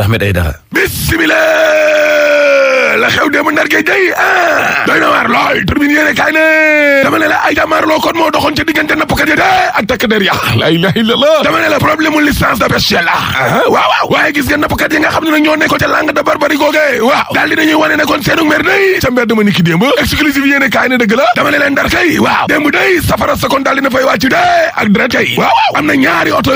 Ahmed Aïdara bismillah la xew démb ndar géej day ah doy na waar lool tribune dama ne la ay jàmmaarloo kon moo doxoon ci diggante nappkat ya de ak takk der la ilaha dama ne la problème mu licence de pêche waaw waaw waaye gis nga nappkat yi nga xam ne nag ñoo nekkoon ca langue de barbarie googe waaw daal di nañuy wane ne kon seenu mer day ca mbedd ni ki démb exclusive yéene kaay ne dëgg dama ne leen waaw démb day safara sa kon daal dina fay wàcc de ak dara kay waaw am na ñaari oto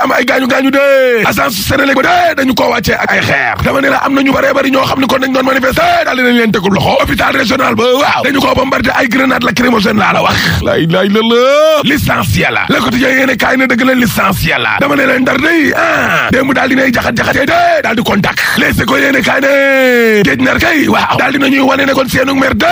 a agence Senelec ba dee dañu koo wàccee ak ay xeer dama ne la am nañu bëree bëri ñoo xam ne kon dañ doon manifester daal dinañ leen tegul loxo hôpital régional ba waaw dañu koo bombardé ay grenade lacrymogène laa la wax laa ilaaha illallaah licencié la Le Quotidien yéene kaay na dëgg la licencié la dama ne leen ndar day ah démb daal di ne géej nar kay waaw daal dinañuy kon seenu mer de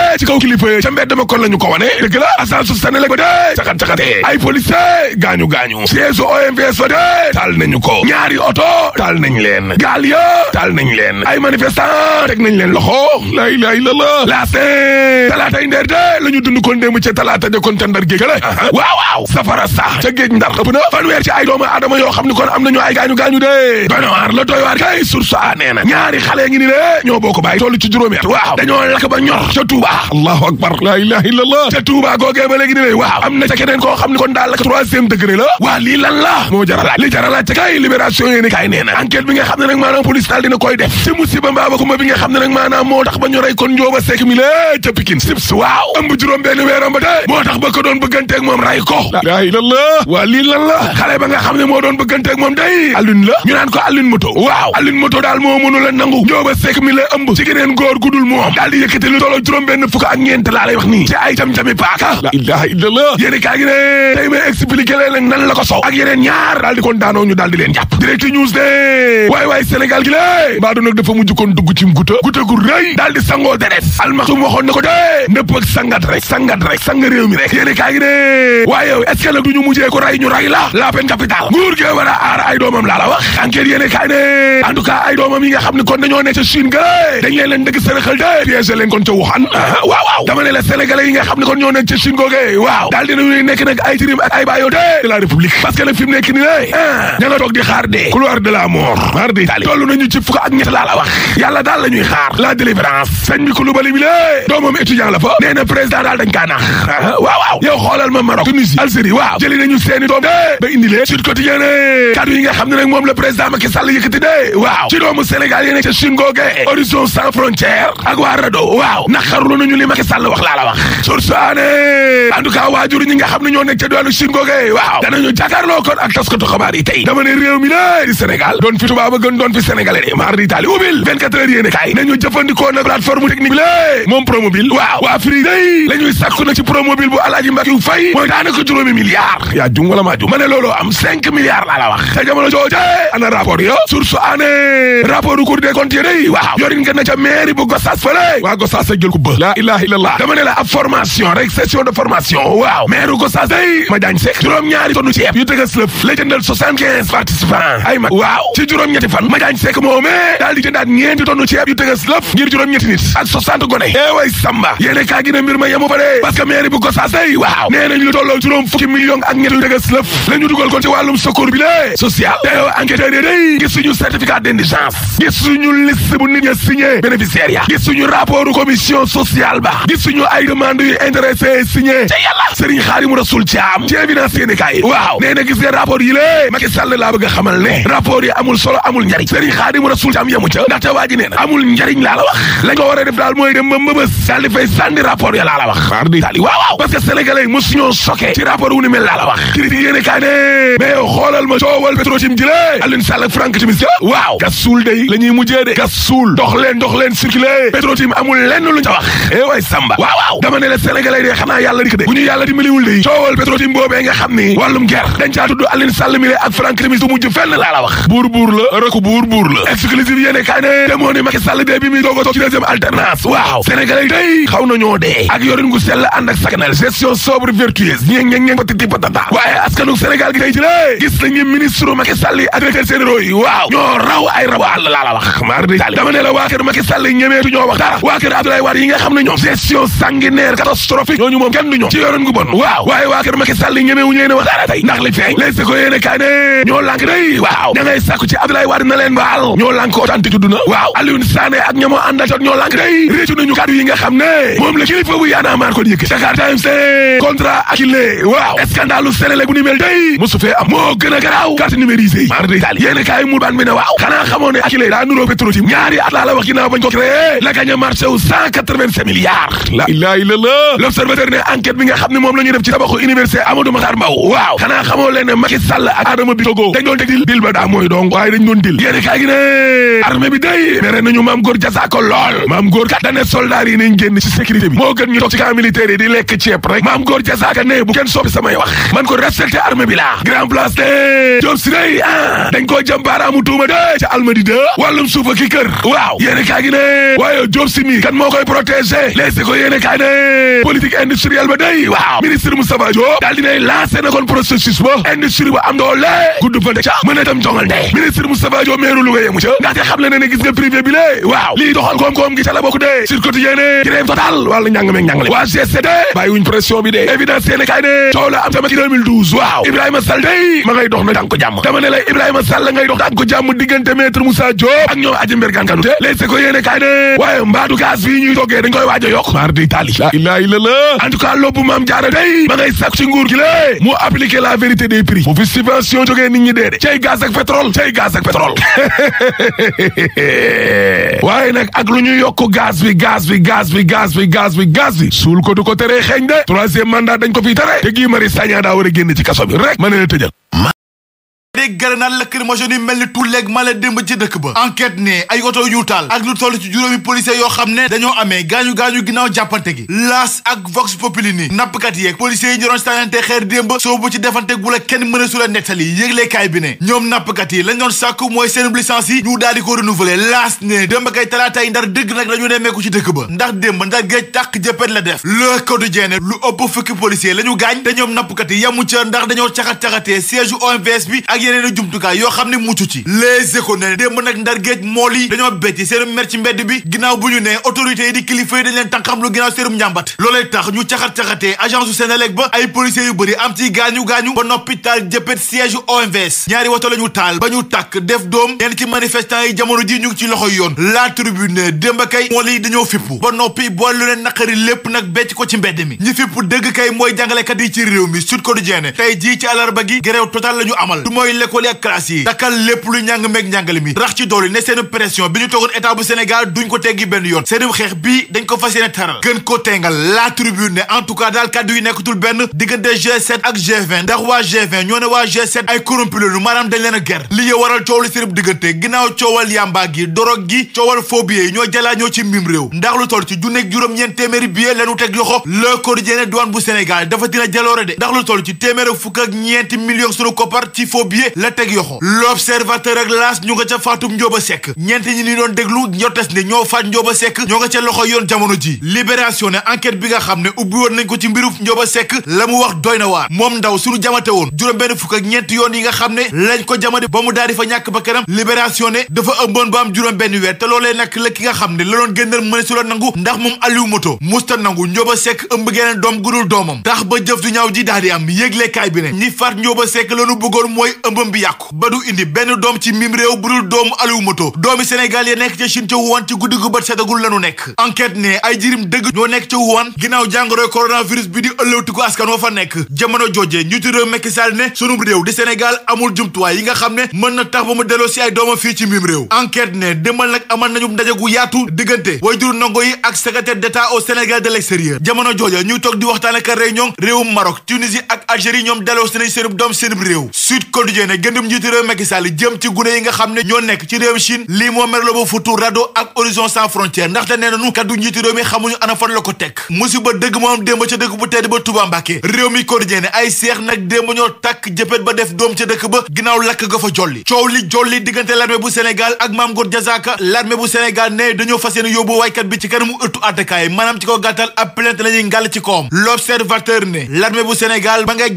ko wane dëgg la agence Senelec ba dee jaxat-jaxatee ay policier gaañu gaañu siège OMVS ba dee taal nañu ko ñaari oto taal nañ leen gaal ya taal nañ leen ay manifestant teg nañ leen loxo la ilaha illallah laase talaatay ndeer de la ñu dund kon démb ca talaata ja kon ca ndar géej la waaw waaw safara sax ca géej ndar ëpp na fanweer ci ay doomu aadama yoo xam ne kon am nañu ay gaañu gaañu de banawaar la doy waar kay source a nee na ñaari xale ngi ni de ñoo boo ko bàyyi ci juróomi waaw dañoo lakk ñor ca Touba allahu akbar la ilaha illallah ca Touba googee Libération yéen i kaay nee na enquête bi nga xam ne nag maanaam moo tax ba ñu rey kon Njóoba Seck mi la ca Pikine sips waaw ëmb juróom weeram ba tey moo tax ba ko doon bëgganteeg moom ray ko laa ilallah waa lii la xale ba nga xam ne moo doon bëgganteeg moom day Alioune la ñu naan ko Alioune Moto waaw Alioune Moto daal moo mënu la nangu Njóoba Seck mi la ëmb ci geneen góor gudul moom daal di yëkkati lu toloo juróom benn ak ñeent laa lay wax nii ci ay jam nan la ko sow ak yeneen ñaar daal di kon direct news de waay waay Sénégal gi lée mbaa doonag dafa mujj kon dugg ci m guta guta gu na ko de ndëpp ak sangat rek sangat rek sang réew mi rek yéene kaa ngi ne waaye yow est-ce que nag du ñu mujjee ko ray a aar ay doomam laa la wax enquête yéene kaa ne en ay doomam yi nga xam ne kon ñoo nekk ca Chine googee waaw daal dinañuy nekk nag ay tirim ay baayoo de la république parce que nag nekk ni ne ah, ña nga toog di xaar de dee couloir de la mort mar de tali toll nañu ci fukk ak ñett laa a wax yàlla daal la ñuy xaar la délivrance sëñ bi ku lu bali bi lée doomam étudiant la fa nee na daal dañ kaa naax waaw waaw yow xoolal ma Maroc Tunisie Algérie waaw jëli nañu seeni doom de ba indi lee Sud Quotidien kaddu yi nga xam ne nag moom la président Macky Sall yëkkati de waaw ci wax laa la wax sursaane en tout cas waajur ñi nga xam ne ñoo nekk ca diwaanu Chine googe waaw danañu jàkkaarloo kon ak gay di Sénégal doon fi tubaab a gën doon fi sénégalais de mar di taali ubil 24 heures yéene kaay nañu na plateforme technique bi lé moom promobile waaw waa Free day la ñuy ci promobile bu alaaji Mbacké Faye mooy daanaka juróomi milliards yaa jum wala maa jum ma ne am cinq milliards wax te jamono jooje ana rapport yo source année rapport du Cour des comptes yi day waaw yorin nga na ca mairie bu Gossas fële waa Gossas a juróom ñaari tonnu ceeb yu tëgas lëf ah ay mag waaw ci juróom-ñetti fan Madiagne Seck moomee daal jëndaat ñeenti tonnu ceeb yu tëgës ngir juróom-ñetti nit ak gone eeway eh samba yéene kaa gi mbir ma yemu fa de parce que bu Gossas day waaw nee nañu lu juróom fukki million ak ñetti yu tëgës dugal kon ci wàllum secours bi lée social te eh yow enquêteurs yi gis suñu certificat d'indigence gis suñu liste bu nit ña signé bénéficiaire ya gis suñu rapport commission sociale ba gis suñu ay a xamal ne rapport yi amul solo amul njariñ sëriñ xaadimu rasul ci am yemu ca ndaxte waa ji nee na amul njariñ laa wax lañ ko war a def daal mooy dem ba mbëbës daal di fay sànni rapport ya laa la wax ardi daal waaw waaw parce que sénégalais yi mosuñoo choqué ci rapport wu ni mel laa wax critique yéene kaa ne mais xoolal ma coowal Petrotim ji lée Alioune Sall ak Franck Timis ja waaw gas suul day ñuy mujjee de gas dox leen dox leen circulé Petrotim amul lenn la wax buur buur la rëkk buur buur la exclusive yéene kaay ne demoo ni Macky Sall dee bi muy doog a toog ci deuxième alternance waaw na ñoo dee ak yorin gu sell ànd ak sakanal gestion sobre vertueuse ñeeng ñeeng ñeeng patiti patata waaye askanu Sénégal waa waaye waa kër Macky Sall ñemewuñu wax dara tey li feeñ les ko yéene kaay ne ñoo lànk waaw da ngay sàkku ci Abdoulaye Wade na leen baal ñoo lànk ko tànti tudd na waaw Alioune Sané ak ak ñoo moom la kilifa bu yaana maar ko yëkk Dakar Times contrat Akilee waaw scandalu Sénégal bu ni mel day fee am moo gën a garaaw carte numérisée yi maar day taal yéen kaay mu baan bi ne waaw xanaa xamoo ne Akilee daa nuroo Petrotim ñaari at laa la wax ginnaaw ko créé la gañ a marché wu cent quatre-vingt-cinq la ilaha illallah la dil ba daa mooy dong waaye dañ doon dil yéene kaay gi ne armée bi day mere nañu maam góor jasaako lool maam góor kat dane soldaar yi nañ génn ci sécurité bi moo gën ñu toog ci camp di lekk ceeb rek maam góor jasaaka ne bu kenn soppi samay wax man ko respecté armée bi laa grand place de job si day ah dañ koo jëm baaraamu tuuma de ca almadi de wàllum suufa ki waaw yéene kaay waaye job si mi kan moo koy protégé les ko yéene kaay ne tam jongante ministre Moustapha Diop meeru Louga yemu ca ndaxte xam le ne ne gis nga privé waaw lii doxal koom-koom gi ca la bokk dee sur quotidien ne grève total wàllu njàng meeg njàngale waa GCT bàyyiwuñ pression bi dee évidence yéene kaay ne coow am tamit ci 2012 waaw Ibrahima Sall day ma ngay dox na daan ko jàmm dama ne la Ibrahima Sall ngay dox daan ko jàmm diggante maître Moussa Diop ak ñoom aji mbir gànkanu te léegi ko yéene kaay ne waaye mbaadu gaz fii ñuy toggee a gaz ak pétrole cay gaz ak pétrole waaye nag ak lu ñu yokk gaz bi gaz bi gaz bi gaz bi gaz bi gaz bi suul ko du ko teree xeeñ de troisième mandat dañ ko fi tere te Guy Marius Sagna daa war a génn ci kaso bi rek ma ne la tëjal dégg grenade lacrymogène yu mel ni tulleeg mala démb ci dëkk ba enquête ne ay oto yu taal ak lu toll ci juróomi policier yoo xam ne dañoo amee gaañu-gaañu ginnaaw jàppante gi laas ak vox populi ni nappkat yeeg policiers yi ñu doon sànnante xeer démb soobu ci defante gu la kenn mën a nettali yëglekaay bi ne ñoom nappkat yi lañ doon sàkku mooy seen licence yi ñu daal di ko renouveler laas ne démb kay talaata yi ndar dëgg nag lañu nemmeeku ci dëkk def le quotidien lu fukki policier la ñu gaañ te ñoom nappkat yi yamu ca ndax dañoo caxat-caxatee siège OMVS bi ak yeneen jumtukaay yoo xam ne mucc ci Les Échos ne démb nag ndar géej mool yi dañoo betti seen mer ci mbedd bi ginnaaw bu ñu ne autorités yi di kilifa yi dañ leen tànqam lu ginnaaw seenum njàmbat loolee tax ñu ba ay policiers yu bëri am ci gaañu-gaañu ba noppi taal jëppët ñu def doom yenn ci manifestants yi jamono ji ñu ngi ci loxoy yoon La Tribune démb kay mool yi dañoo fippu ba noppi bool lu leen naqari lépp nag becc ko ci mbedd mi ñi fippu dëgg kay mooy jàngalekat yi ci réew mi Sud Quotidien tey jii ci àllarba gi grève total la amal mooy l'école yi ak classe yi bu diggante g G20 ndax waa G20 coowal yamba gi dorog gi coowal phobie yi ñoo jalaa ñoo ci mim réew ndax lu toll ci junneeg juróom ñeent téeméeri billet lañu teg loxo le quotidien douane bu Sénégal dafa dina jaloore de ndax lu toll ci téeméer ak ñeenti millions sunu koppar ci phobie janvier la teg yoxo l'observateur ak laas ñu nga ca faatum njóoba sekk ñeent ñi ni doon déglu ñottes ne ñoo faat njóoba sekk ñoo nga ca loxo yoon jamono ji libération ne enquête bi nga xam ne ubbi woon nañ ko ci mbirub njóoba sekk la mu wax doy na waar moom ndaw suñu jamate woon juróom benn fukk ak ñeent yoon yi nga xam ne lañ ko jamate ba mu daal di fa ñàkk ba kanam libération ne dafa ëmboon ba am juróom benn weer te loolee nag la ki nga xam ne la doon génnal mën su la nangu ndax moom Aliou Moto musta nangu njóoba sekk ëmb geneen doom gu gudul doomam tax ba jëf du ji daal di am yëglekaay bi ne ñi faat njóoba ëmbam bi yàqu ba du indi benn doom ci mim réew bu dul doomu Aliou Moto doomi Sénégal ya nekk ca Chine ca Wuhan ci guddi gu bët setagul lanu nekk enquête ne ay jirim dëgg ñoo nekk ca Wuhan ginnaaw jàngoroy coronavirus bi di ëllëwtiku askan wa fa nekk jamono jooje njiitu réew Macky Sall ne sunub réew di Sénégal amul jumtuwaay yi nga xam ne mën na tax ba mu delloo si ay fii ci mim réew enquête ne demal nag amal nañu ndaje gu yaatu diggante wayjur ndongo yi ak secrétaire d'État au Sénégal de l'extérieur jamono jooje ñuy toog di waxtaan ak réunion réewum Maroc Tunisie ak Algérie ñoom delloo si nañ seenub doom seenub réew quotidien ne gëndum njiitu réew Macky jëm ci gune yi nga xam ne ñoo nekk ci réew Chine lii ba futu rado ak horizon sans frontière ndaxte nee nanu kaddu njiitu réew mi xamuñu ana fan la ko teg musiba ba Touba la ñuy ba ngay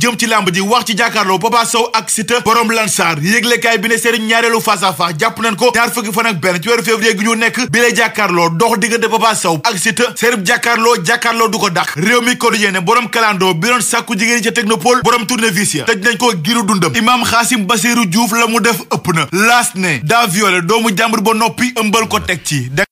jëm ci làmb ji wax ci jàkkaarloo Papa Sow ak Siteu borom Lansar yëglekaay bi ne seen ñaareelu face à face jàpp nañ ko ñaar fukki fan benn ci weeru février gi ñu nekk bi lay jàkkaarloo dox diggante Papa Sow ak Siteu seen jàkkaarloo jàkkaarloo du ko dàq réew mi quotidien ne borom kalandoo bi doon sàkku jigéen ca technopole borom tournevis ya tëj nañ ko giru dundam imaam Xaasim Basiru Diouf la mu def ëpp na laas ne daa doomu jàmbur ba noppi ëmbal ko teg ci